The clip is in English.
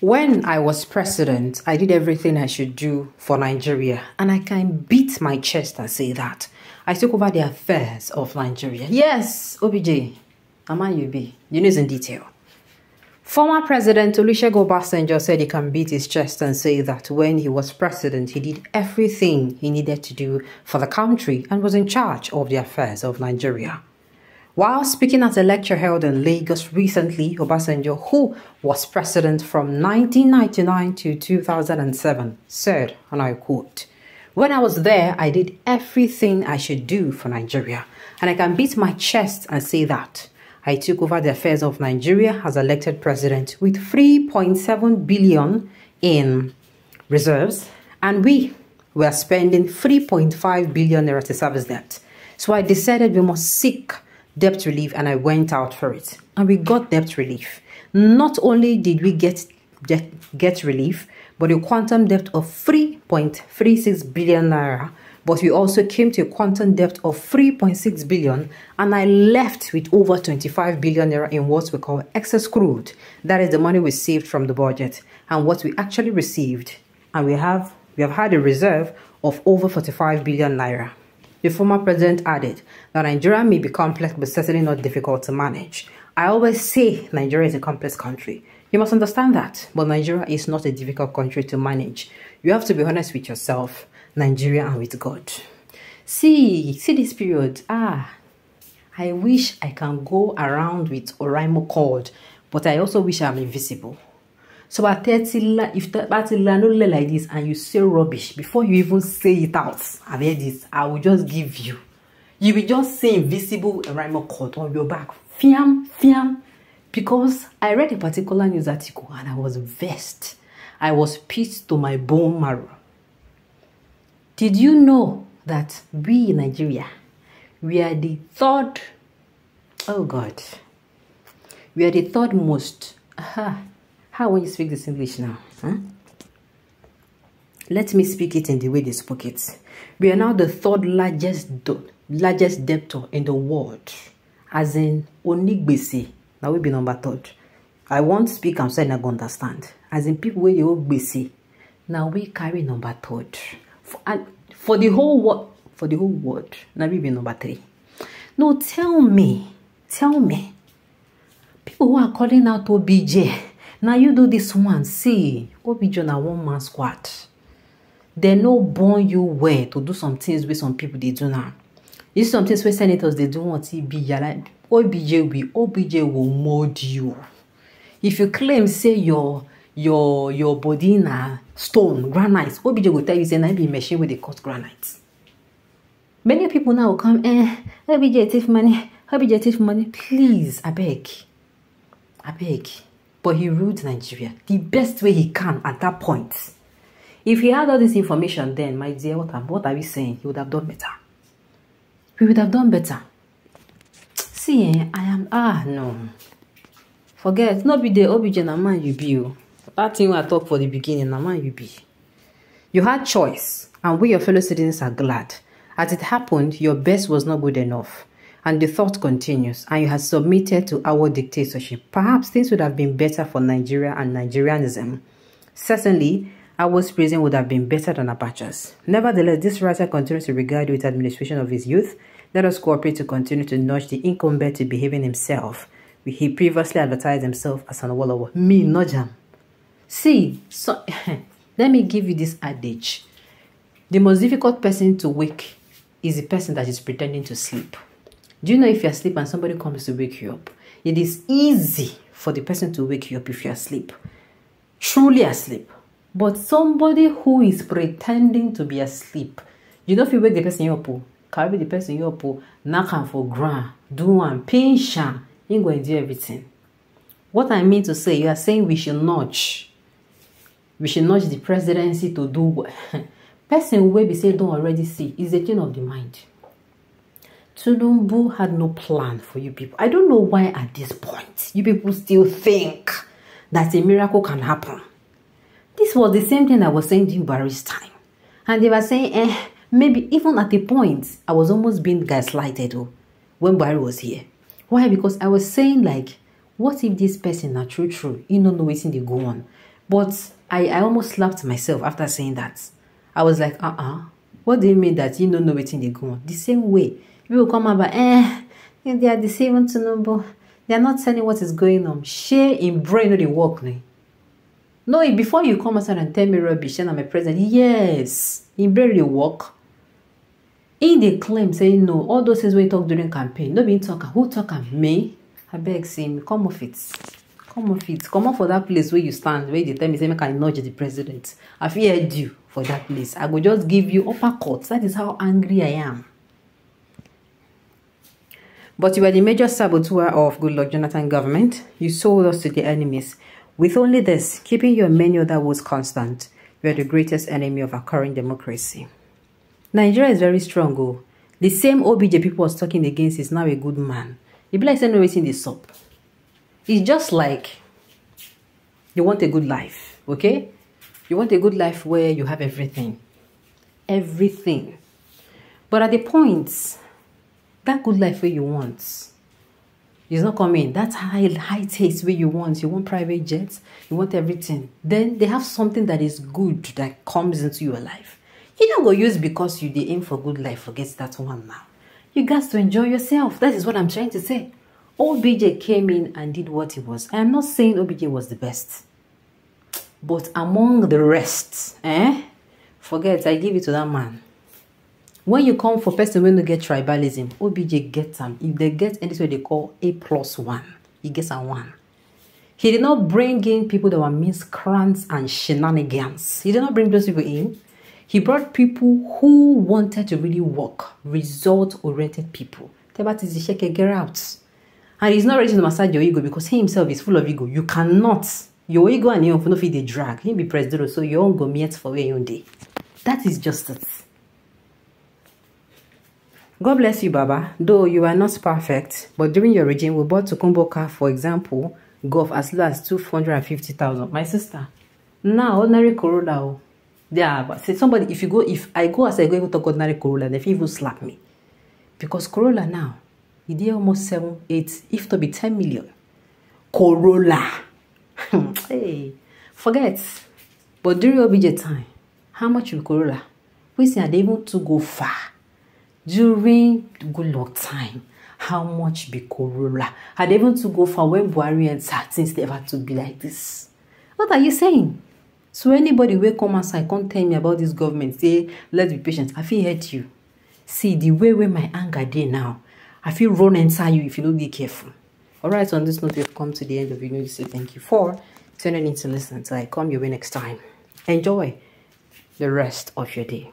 When I was president, I did everything I should do for Nigeria, and I can beat my chest and say that. I took over the affairs of Nigeria. Yes, OBJ, Aman UB, the news in detail. Former President Olusegun Obasanjo said he can beat his chest and say that when he was president, he did everything he needed to do for the country and was in charge of the affairs of Nigeria. While speaking at a lecture held in Lagos recently, Obasanjo, who was president from 1999 to 2007, said, and I quote, When I was there, I did everything I should do for Nigeria, and I can beat my chest and say that. I took over the affairs of Nigeria as elected president with 3.7 billion in reserves, and we were spending 3.5 billion naira to service debt. So I decided we must seek debt relief and I went out for it. And we got debt relief. Not only did we get debt, get relief, but a quantum debt of 3.36 billion naira. But we also came to a quantum debt of 3.6 billion, and I left with over 25 billion naira in what we call excess crude. That is the money we saved from the budget and what we actually received. And we have we have had a reserve of over 45 billion naira. The former president added that Nigeria may be complex but certainly not difficult to manage. I always say Nigeria is a complex country. You must understand that, but Nigeria is not a difficult country to manage. You have to be honest with yourself, Nigeria and with God. See, see this period. Ah, I wish I can go around with Oraimo cord, but I also wish I'm invisible. So at 30, if 30 like this and you say rubbish, before you even say it out, I've heard this, I will just give you. You will just say invisible rhino cut on your back. Fiam, fiam. Because I read a particular news article and I was vexed. I was pissed to my bone marrow. Did you know that we in Nigeria, we are the third, oh God, we are the third most, aha, uh-huh, how will you speak this English now? Huh? Let me speak it in the way they spoke it. We are now the third largest largest debtor in the world. As in Onigbese. Now we be number third. I won't speak I'm saying I go understand. As in people where you gbese. Now we carry number third. For, and for the whole world for the whole world. Now we be number three. No, tell me, tell me. People who are calling out OBJ Now you do this one see obijo na one man squad They no born you well to do some things with some people they do now you see some things wey senators they do want ti be like obj will obj will mold you if you claim say your your your body na stone granite obj will tell you say na be machine wey dey cut granite many people now will come eh obj take money obj take money please I beg. I beg. But he ruled Nigeria the best way he can at that point. If he had all this information then, my dear, what, am, what are we saying? He would have done better. We would have done better. See, eh, I am, ah, no. Forget, not be the OBJ, na man you be. Oh. That thing I talked for the beginning, na man you be. You had choice, and we, your fellow citizens, are glad. As it happened, your best was not good enough. And the thought continues, and you have submitted to our dictatorship. Perhaps things would have been better for Nigeria and Nigerianism. Certainly, our prison would have been better than Apache's. Nevertheless, this writer continues to regard with administration of his youth. Let us cooperate to continue to nudge the incumbent to behaving himself. He previously advertised himself as an Wolowo. Me, no jam. See, so, let me give you this adage. The most difficult person to wake is the person that is pretending to sleep. Do you know if you're asleep and somebody comes to wake you up? It is easy for the person to wake you up if you're asleep, truly asleep. But somebody who is pretending to be asleep, you know if you wake the person up, carry the person up, knock him for ground, do and pinch him, you going to do everything. What I mean to say, you are saying we should notch. We should notch the presidency to do what? person will be saying don't already see. is a thing of the mind. Tunumbu had no plan for you people. I don't know why at this point you people still think that a miracle can happen. This was the same thing I was saying during Barry's time. And they were saying, eh, maybe even at the point, I was almost being gaslighted oh, when Barry was here. Why? Because I was saying like, what if this person are true true? You don't know waiting they go on. But I, I almost slapped myself after saying that. I was like, uh-uh. What do you mean that you don't know waiting they go on? The same way People come about eh, they are deceiving number. They are not telling what is going on. Share in brain the work. No, before you come outside and tell me rubbish and I'm a president, yes, in brain the work. In the claim saying no, all those things we talk during campaign, no being talking. Who talking? Me? I beg, him. come off it. Come off it. Come off for that place where you stand, where they tell me, say, make I nudge the president. I feared you for that place. I will just give you upper court. That is how angry I am. But you were the major saboteur of Goodluck Jonathan government. You sold us to the enemies. With only this, keeping your menu that was constant, you are the greatest enemy of our current democracy. Nigeria is very strong, oh. The same OBJ people was talking against is now a good man. The black like, no raising this up. It's just like you want a good life, okay? You want a good life where you have everything. Everything. But at the points that good life where you want is not coming. That high high taste where you want. You want private jets. You want everything. Then they have something that is good that comes into your life. You don't go use because you the aim for good life. Forget that one now. You guys to enjoy yourself. That is what I'm trying to say. OBJ came in and did what he was. I am not saying OBJ was the best. But among the rest, eh? Forget, I give it to that man. when you come for person wey no get tribalism obj get am if they get anything wey they call a plus one He get am one he did not bring in people that were miscreants and shenanigans he did not bring those people in he brought people who wanted to really work result oriented people tebati zisheke get out and he's not ready to massage your ego because he himself is full of ego you cannot your ego and your own no fit dey drag him be president so your own go meet for where you dey that is just justice. God bless you, Baba. Though you are not perfect, but during your regime, we bought Tukumbo car, for example, Golf as low as 250,000. My sister, now ordinary Corolla, yeah, oh. but say somebody, if you go, if I go as I go even talk ordinary Corolla, they even slap me. Because Corolla now, it did almost 7, 8, if to be 10 million. Corolla. hey, forget. But during your budget time, how much will Corolla? We see they even to go far during good luck time how much be Corolla had even to go for when Buhari and things ever to be like this. What are you saying? So anybody will come outside come tell me about this government say let's be patient I feel hurt you. See the way where my anger day now I feel run inside you if you don't be careful. Alright so on this note we have come to the end of the video so thank you for turning in to listen until I come your way next time. Enjoy the rest of your day.